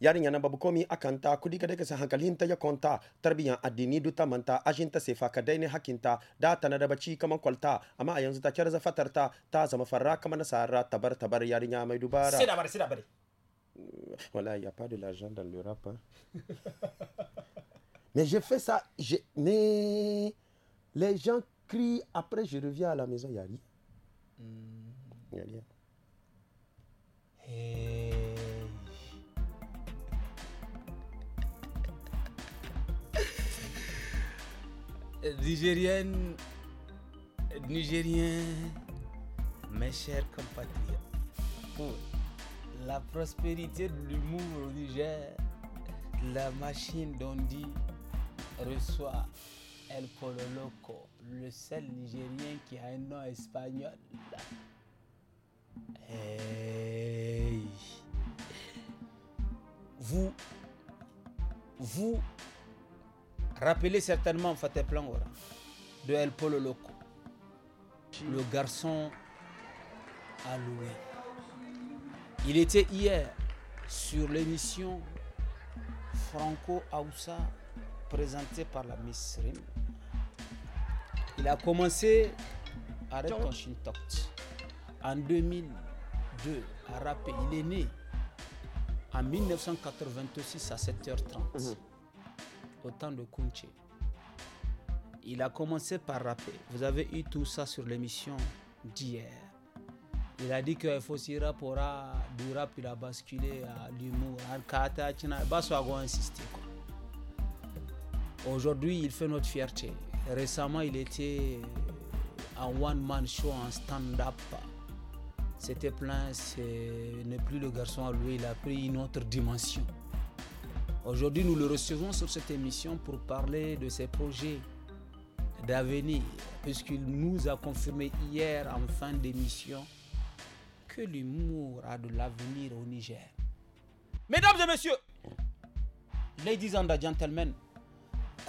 yari na babu akanta kudi ga daga hankalinta ya konta tarbiya adini duta manta ajinta sefa ka daina hakinta da ta na da baci kaman kwalta amma a yanzu ta kyarza fatarta ta zama farra kaman nasara tabar tabar yarinya mai dubara sai da bari sai bari mm, wala il pas de l'argent dans l'Europe. Hein. mais je fais ça je... mais les gens crient après je reviens à la maison yari mm. yari Nigérien, nigérien, mes chers compatriotes, pour la prospérité de l'humour au Niger, la machine d'Ondi reçoit El Polo Loco, le seul Nigérien qui a un nom espagnol. Vous, vous Rappelez certainement Fateh Plangora de El Polo Loco. Le garçon à loué. Il était hier sur l'émission Franco Aoussa présentée par la Miss Rim. Il a commencé à en 2002 à Il est né en 1986 à 7h30. Autant de Kunche. Il a commencé par rapper. Vous avez eu tout ça sur l'émission d'hier. Il a dit que Fossi rapora du rap, il a basculé à l'humour. Aujourd'hui, il fait notre fierté. Récemment, il était en one-man show, en stand-up. C'était plein, c'est n'est plus le garçon à lui, il a pris une autre dimension. Aujourd'hui, nous le recevons sur cette émission pour parler de ses projets d'avenir, puisqu'il nous a confirmé hier en fin d'émission que l'humour a de l'avenir au Niger. Mesdames et messieurs, ladies and gentlemen,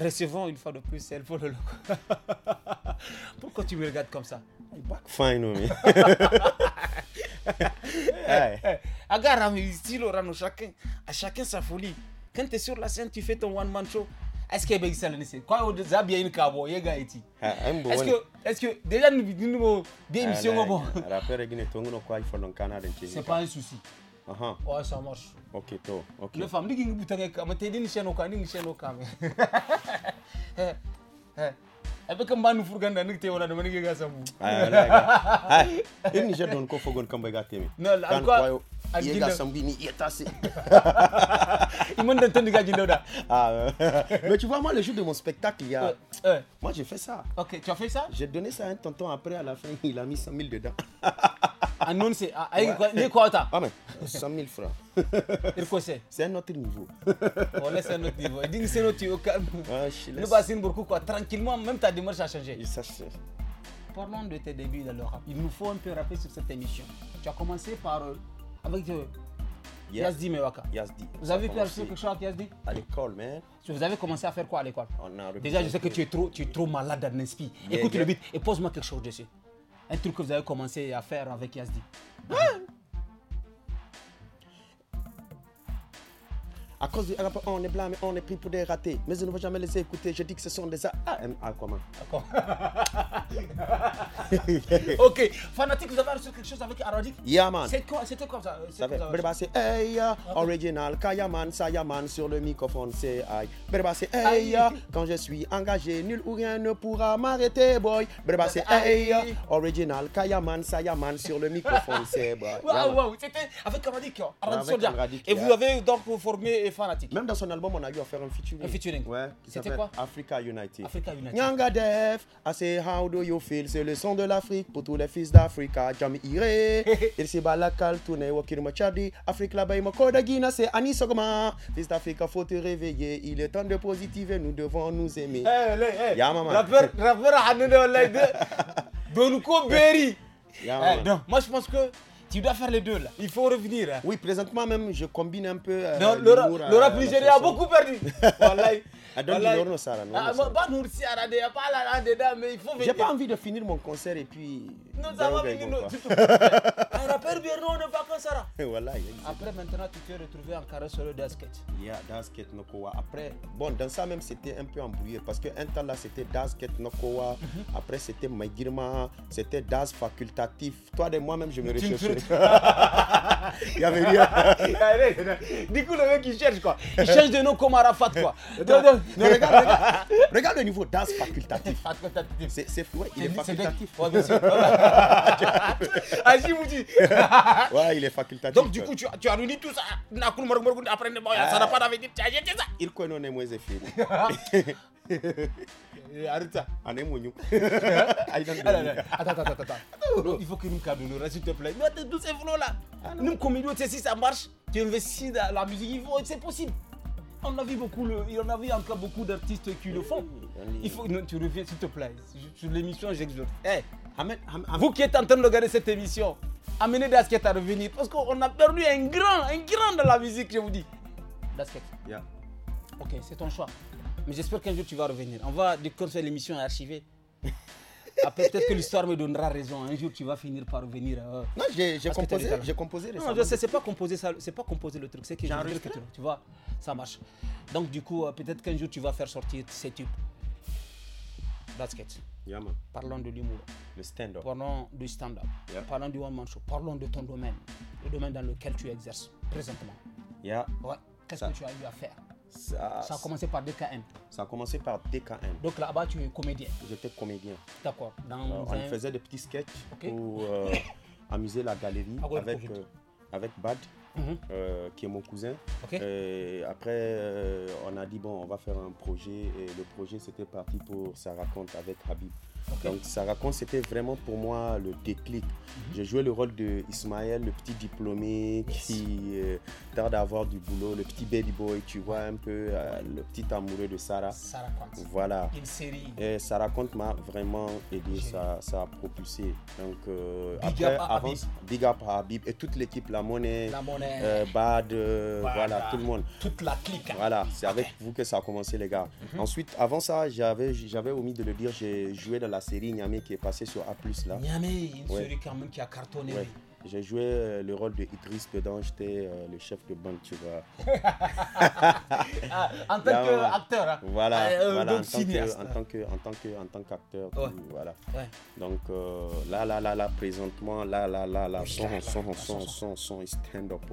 recevons une fois de plus celle pour le loco. Pourquoi tu me regardes comme ça Fine, oui. Agar, mais style chacun, à chacun sa folie quand tu es sur la scène, tu fais ton one-man show. Est-ce que ça le Quoi, as bien une cabo, ici. Ah, est-ce que, est-ce que déjà nous nous bien ah, mission bon. Rappeur quoi il faut C'est pas un souci. Ah -huh. Ah. Ouais, ça marche. Ok, to. Ok. Le femme, dit que eh, eh. eh, vous avez dit que vous avez dit que vous avez abe kan banu furganda nik te wala domani ga sambu là. ay ay ni dans quoi yega sambini yetase il monte dans ton ah, euh. mais tu vois moi le jour de mon spectacle il y a euh, euh. moi j'ai fait ça ok tu as fait ça j'ai donné ça à un tonton après à la fin il a mis 100 000 dedans ah non c'est quoi il quoi ah mais 100 000 francs il quoi c'est c'est un autre niveau on oh, laisse un autre niveau dis c'est notre niveau ah, nous pas beaucoup quoi tranquillement même ta démarche a changé il s'assied. parlons de tes débuts dans le rap il nous faut un peu rappeler sur cette émission tu as commencé par avec Yazdi Mewaka. Yazdi. Vous avez pu acheter quelque chose avec Yazdi À l'école, man. Vous avez commencé à faire quoi à l'école Déjà, je sais que tu es trop, malade à Yeah, Écoute le beat et pose-moi quelque chose dessus. Un truc que vous avez commencé à faire avec Yazdi. Ah! À cause du rap, on est blâmé, on est pris pour des ratés. Mais je ne vais jamais les écouter. Je dis que ce sont des AMA comment? ok. Fanatique, vous avez reçu quelque chose avec Aradik Yaman. man. C'était quoi, quoi ça Berba, c'est Hey, original. Kayaman, Sayaman, sur le microphone, c'est Aïe. Berba, c'est Hey, quand je suis engagé, nul ou rien ne pourra m'arrêter, boy. Berba, c'est Hey, original. Kayaman, Sayaman, sur le microphone, c'est Boy. Waouh, waouh. C'était avec Aradik, hein, Aradik Soldat. Et vous avez donc formé est Même dans son album, on a eu à faire un featuring. Un featuring. C'était quoi Africa United. Africa United. Nyanga Def, I ah, say how do you feel C'est le son de l'Afrique pour tous les fils d'Africa. Jam Iré, il s'est balakal, tourné, wakir machadi. Afrique là-bas, il ma koda guina, c'est Annie Sogma. Fils d'Afrique, faut te réveiller. Il est temps de positiver, nous devons nous aimer. Hey, eh, eh, hey, eh. hey. Ya maman. Rappeur, rappeur, Hanouna, Donko Berry. Ya maman. Moi, je pense que. Tu dois faire les deux là. Il faut revenir. Hein. Oui, présentement même, je combine un peu. Euh, non, le, rap euh, a beaucoup perdu. J'ai pas envie de finir mon concert et puis. Nous avons fini tout. Après maintenant tu t'es retrouvé en carré sur le dasket. Yeah, dasket Nokoa. Après, bon dans ça même c'était un peu embrouillé parce que un temps là c'était dasket Nokoa. Mhm. Après c'était Maigirma, c'était das facultatif. Toi de moi-même je me recherchais. Il y avait rien. Ah, du coup le mec il cherche quoi. Il cherche de nos comme Arafat quoi. regarde, regarde, le niveau dance facultatif. facultatif. C'est fou. il est facultatif. Ah si vous dites. ouais, il est facultatif. Donc, du coup, tu, tu as réuni tout ça. Après, ça n'a pas d'avenir. ça. Il connaît moins effet. Arrête Ané Mounou. Attends, attends, attends. Il faut que nous s'il te plaît. Mais tous ces flots là. Ah, nous, comédiens, tu sais, si ça marche, tu investis dans la musique, c'est possible. On a vu beaucoup, le, en a vu encore beaucoup d'artistes qui le font. Il faut, tu reviens, s'il te plaît. Sur l'émission, j'exhorte. Hey, eh, vous qui êtes en train de regarder cette émission, amener Dasket à revenir. Parce qu'on a perdu un grand, un grand de la musique, je vous dis. Dasket. Yeah. Ok, c'est ton choix. Mais j'espère qu'un jour tu vas revenir. On va déconstruire l'émission archivée. archiver. peut-être que l'histoire me donnera raison. Un jour, tu vas finir par revenir. Euh, non, j'ai composé, j'ai composé Non, c'est pas composer ça, c'est pas composer le truc. C'est que j'ai enregistré. Que tu, tu vois, ça marche. Donc, du coup, euh, peut-être qu'un jour, tu vas faire sortir ces tubes. Dasket. Yaman. Yeah, Parlons de l'humour. Le stand-up. Parlons du stand-up. Parlons du one-man show. Parlons de ton domaine. Le domaine dans lequel tu exerces présentement. Qu'est-ce que tu as eu à faire ça, a commencé par DKM. Ça a commencé par DKM. Donc là-bas, tu es comédien. J'étais comédien. D'accord. Euh, on faisait des petits sketchs pour euh, amuser la galerie ah avec, euh, avec Bad, mhm. qui est mon cousin. après, on a dit, bon, on va faire un projet. Et le projet, c'était parti pour sa raconte avec Habib donc ça raconte c'était vraiment pour moi le déclic. Mhm. J'ai joué le rôle de Ismaël, le petit diplômé qui tard euh, tarde à du boulot, le petit baby boy, tu vois un peu, euh, le petit amoureux de Sarah. Voilà. Et ça raconte m'a vraiment aidé, ça, ça, a propulsé. Donc euh, après, avance, Big Up à Habib et toute l'équipe, la monnaie, la monnaie. Bad, voilà. tout le monde. Toute la clique. Hein. Voilà, c'est avec vous que ça a commencé les gars. Mhm. Ensuite, avant ça, j'avais omis de le dire, j'ai joué dans la la série Niamey qui est passée sur A+. Là. Niamey, une série quand même qui a cartonné. J'ai joué le rôle de Idriss dedans, j'étais le chef de banque tu vois. en tant qu'acteur. Voilà, en, tant en tant qu'acteur, Donc là, là, là, là, présentement, là, là, là, là, son, son, son, son, son, stand up,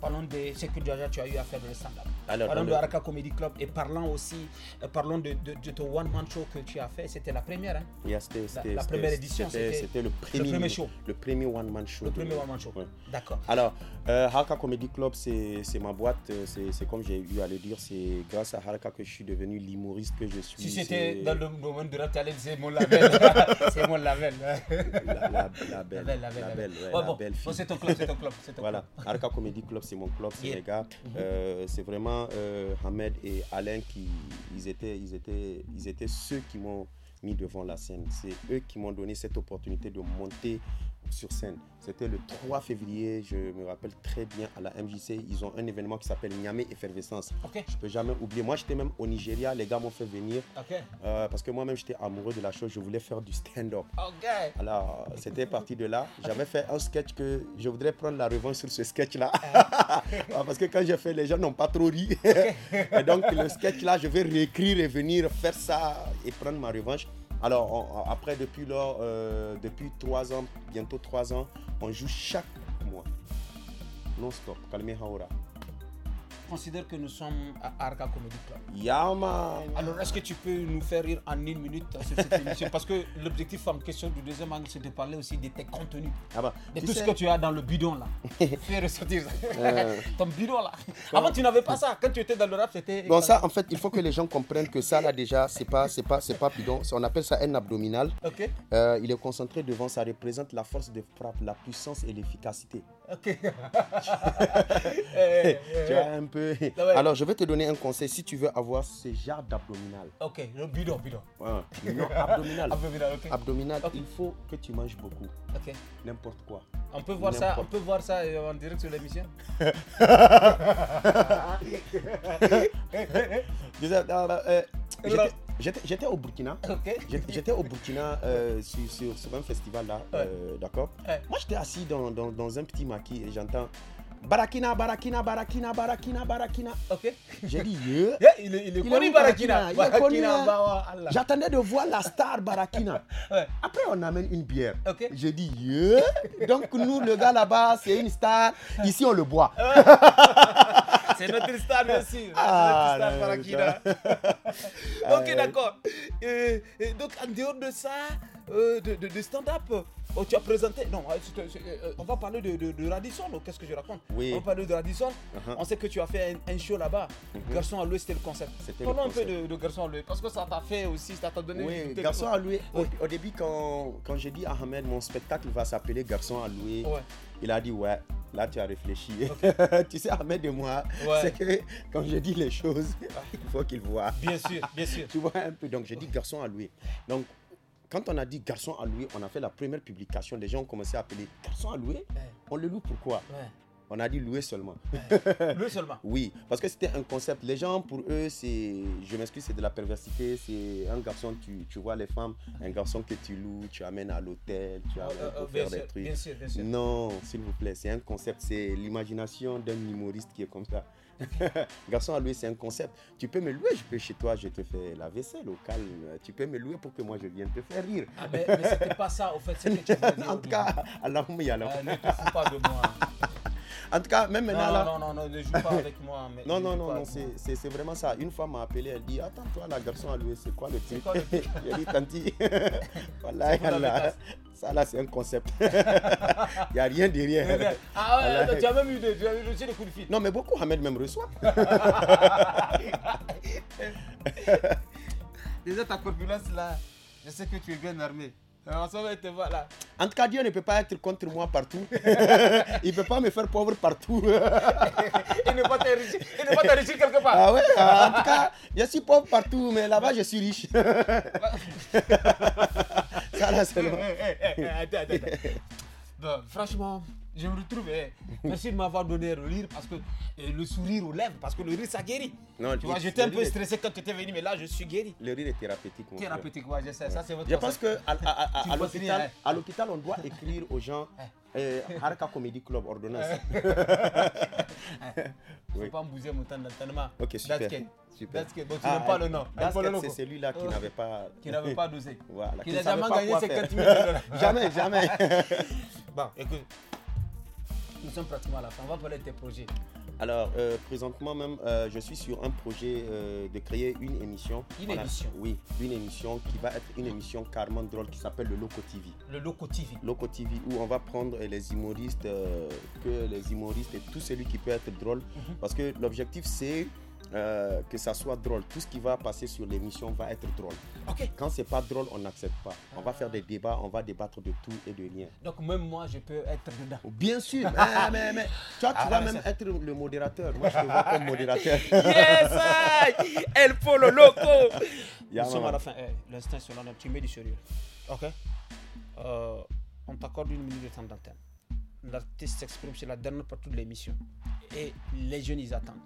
Parlons de ce que déjà tu as eu à faire dans le stand-up. Parlons de Haraka Comedy Club et parlons aussi, euh, parlons de, de, de ton one-man show que tu as fait. C'était la première, hein? c'était, la, la, première édition. C'était, le, premier, le premier show. Le premier one-man show. Le premier one-man show. D'accord. Alors, Haraka euh, Comedy Club, c'est, ma boîte. Euh, c'est, comme j'ai eu à le dire, c'est grâce à Haraka que je suis devenu l'humoriste que je suis. Si c'était dans le moment de la talent, c'est mon label. c'est mon label. la, belle la belle. La belle, la belle. Ouais, bon. c'est ton club, c'est ton club. voilà, Haraka Comedy club, c'est mon club, c'est gars. Mm-hmm. Euh, c'est vraiment euh, Ahmed et Alain qui ils étaient, ils étaient, ils étaient ceux qui m'ont mis devant la scène. C'est eux qui m'ont donné cette opportunité de monter sur scène. C'était le 3 février, je me rappelle très bien, à la MJC, ils ont un événement qui s'appelle Niamey Effervescence. Je ne peux jamais oublier. Moi, j'étais même au Nigeria, les gars m'ont fait venir. Euh, parce que moi-même, j'étais amoureux de la chose, je voulais faire du stand-up. Alors, c'était parti de là. J'avais fait un sketch que je voudrais prendre la revanche sur ce sketch-là. Ah. Ah, parce que quand j'ai fais, les gens n'ont pas trop ri. et donc, le sketch-là, je vais réécrire et venir faire ça et prendre ma revanche. Alors, après, depuis lors, euh, depuis trois ans, bientôt trois ans, on joue chaque mois, non-stop, Kalme considère que nous sommes à Arca Comedy Yama Alors, est-ce que tu peux nous faire rire en une minute sur cette émission Parce que l'objectif en question du deuxième angle, c'est de parler aussi de tes contenus. Ah bah, de tout ce que tu as dans le bidon là. Fais ressortir ça. Euh. ton bidon là. Avant, tu n'avais pas ça. Quand tu étais dans le rap, c'était. Bon, ça, en fait, il faut que les gens comprennent que ça là, déjà, c'est pas, c'est pas, c'est pas bidon. On appelle ça un abdominal. Euh, il est concentré devant, ça représente la force de frappe, la puissance et l'efficacité. Alors, je vais te donner un conseil si tu veux avoir ce genre d'abdominal. Ok, le bidon, bidon. abdominal. abdominal, il faut que tu manges beaucoup. Ok. N'importe quoi. On peut voir ça, on peut voir ça euh, en direct sur l'émission. Euh, euh, J'étais au Burkina. J'étais au Burkina euh, sur, un festival là, euh, d'accord Moi, j'étais assis dans, un petit maquis et j'entends Barakina, Barakina, Barakina, Barakina, Barakina. Ok. J'ai dit, yeah. il, est, connu, Barakina. Hein? J'attendais de voir la star Barakina. Après, on amène une bière. J'ai dit, yeah. Donc, nous, le gars là-bas, c'est une star. Ici, on le boit. C'est notre star, aussi. Ah, notre star ok, d'accord. Et, donc, en dehors de ça, euh, de, stand-up, oh, tu as présenté. Non, euh, euh, on va parler de, de Radisson. Qu'est-ce que je raconte On va parler de Radisson. Uh-huh. On sait que tu as fait un, show là-bas. Uh-huh. Garçon à louer, c'était le concept. Parlons un peu de, Garçon à louer. Parce que ça t'a fait aussi, ça t'a donné. Oui, Garçon à louer. Au, début, quand, quand j'ai dit à Ahmed, mon spectacle va s'appeler Garçon à louer, il a dit Ouais, Là, tu as réfléchi. tu sais, Ahmed de moi, c'est que quand je dis les choses, ah. il faut qu'il voient. Bien sûr, bien sûr. tu vois un peu. Donc, j'ai dit garçon à louer. Donc, quand on a dit garçon à louer, on a fait la première publication. Les gens ont commencé à appeler garçon à louer. On le loue pourquoi on a dit louer seulement. louer seulement Oui, parce que c'était un concept. Les gens, pour eux, c'est, je m'excuse, c'est de la perversité. C'est un garçon, tu, vois les femmes, un garçon que tu loues, tu amènes à l'hôtel, tu oh, amènes oh, oh, des trucs. Bien Non, s'il vous plaît, c'est un concept. C'est l'imagination d'un humoriste qui est comme ça. garçon à louer, c'est un concept. Tu peux me louer, je peux chez toi, je te fais la vaisselle au calme. Tu peux me louer pour que moi je vienne te faire rire. Ah, mais, mais c'était pas ça, au fait, c'est que tu en tout cas, à ah, ne te fous pas de moi. En tout cas, même maintenant. Non, non, non, non, ne joue pas avec moi. Mais non, non, non, non c'est vraiment ça. Une femme m'a appelé, elle dit Attends, toi, la garçon à louer, c'est quoi le truc J'ai dit Tanti, voilà, là Ça là, c'est un concept. Il n'y a rien de rien. Ah ouais, tu as même eu des, tu as eu des coups de fil. Non, mais beaucoup, Ahmed même reçoit. Déjà, ta corpulence là, je sais que tu es bien armé. On s'en va te voir là. En tout cas, Dieu ne peut pas être contre moi partout. il ne peut pas me faire pauvre partout. il ne peut pas être riche quelque part. Ah ouais, ah, en tout cas, je suis pauvre partout, mais là-bas, je suis riche. Ça, là, c'est eh, eh, eh, bon. franchement je me retrouve. Merci hein. de m'avoir donné le rire parce que le sourire aux lèvres, parce que le rire ça guérit. tu vois, j'étais un peu stressé quand tu étais venu, mais là je suis guéri. Le rire est thérapeutique. thérapeutique, ouais, je sais, ça c'est votre. Je pense que hein. à, l'hôpital, on doit écrire aux gens euh, Comedy Club ordonnance. ne vais pas me bouger mon temps d'entraînement. Ok, super. That's super. That's Bon, tu ah, n'as pas le nom. C'est celui-là qui n'avait pas. Qui n'avait pas dosé. Voilà. Qui n'a jamais gagné ses 4 000 Jamais, jamais. bon, écoute nous sommes pratiquement la On va parler de tes projets. Alors, euh, présentement même, euh, je suis sur un projet euh, de créer une émission. Une émission Oui, une émission qui va être une émission carrément drôle qui s'appelle le Loco TV. Le Loco TV Loco TV, où on va prendre les humoristes, que les humoristes et tout celui qui peut être drôle. Mhm. Parce que l'objectif, c'est euh, que ça soit drôle. Tout ce qui va passer sur l'émission va être drôle. Quand Quand c'est pas drôle, on n'accepte pas. On va faire des débats, on va débattre de tout et de rien. Donc même moi, je peux être dedans. Bien sûr. Eh, Toi, tu ah, vas ah, même être le modérateur. Moi, je te vois comme modérateur. yes, El le Loco. Nous sommes à la fin. Eh, L'instinct sur l'honneur, tu mets du sérieux. Ok. Euh, on t'accorde une minute de temps d'antenne. L'artiste s'exprime, c'est la dernière partie de l'émission. Et les jeunes, ils attendent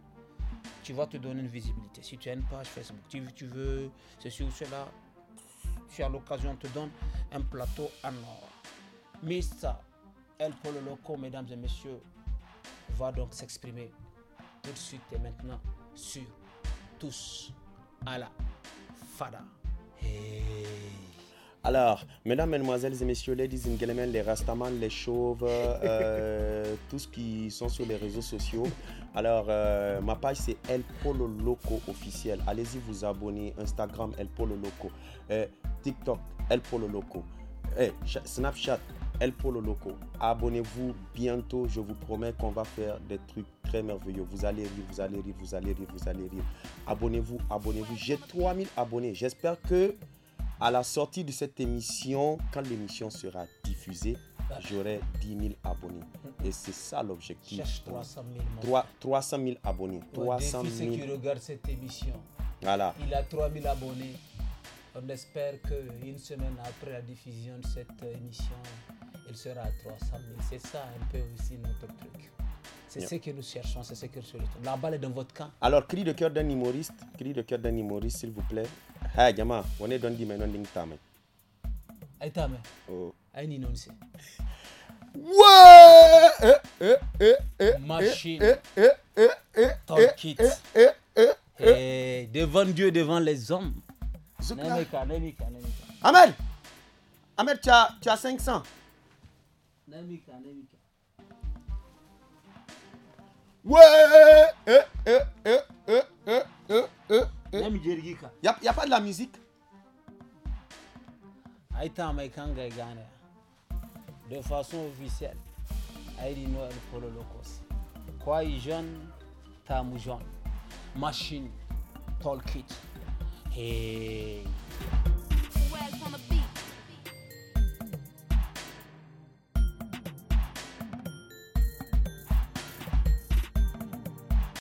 tu vas te donner une visibilité. Si tu as une page Facebook, tu, tu veux ceci ou cela, tu as l'occasion, on te donne un plateau en or. Mais ça, El le Loco, mesdames et messieurs, va donc s'exprimer tout de suite et maintenant sur tous à la Fada. Alors, mesdames, mesdemoiselles et messieurs, ladies and les rastamans, les chauves, euh, tous qui sont sur les réseaux sociaux. Alors, euh, ma page c'est El Polo Loco officiel. Allez-y vous abonner. Instagram El Polo Loco, euh, TikTok El Polo Loco, eh, Snapchat El Polo Loco. Abonnez-vous bientôt. Je vous promets qu'on va faire des trucs très merveilleux. Vous allez rire, vous allez rire, vous allez rire, vous allez rire. Abonnez-vous, abonnez-vous. J'ai 3000 abonnés. J'espère que à la sortie de cette émission, quand l'émission sera diffusée, j'aurai 10 000 abonnés. Et c'est ça l'objectif. Cherche 300 000. 3, 300 000 abonnés. Pour 300 ceux qui regardent cette émission, il a 3 000 abonnés. On espère qu'une semaine après la diffusion de cette émission, il sera à 300 000. C'est ça un peu aussi notre truc. C'est ce que nous cherchons, c'est ce que nous cherchons. La balle est dans votre camp. Alors, cri de cœur d'un humoriste, cri de cœur d'un humoriste, s'il vous plaît haya jamaa on est dans mai non ding Aïe oh ai ni non se Ouais! Eh, eh, eh, Machine. eh, eh, eh, devant Dieu, devant les hommes. tu as, 500. Ouais! musique. Il n'y a, pas de la musique. Aïta Maïkanga Ghana, de façon officielle, Aïdi Noël pour le locos. Quoi, jeune, tamu jeune. Machine, talk Kit. Hey.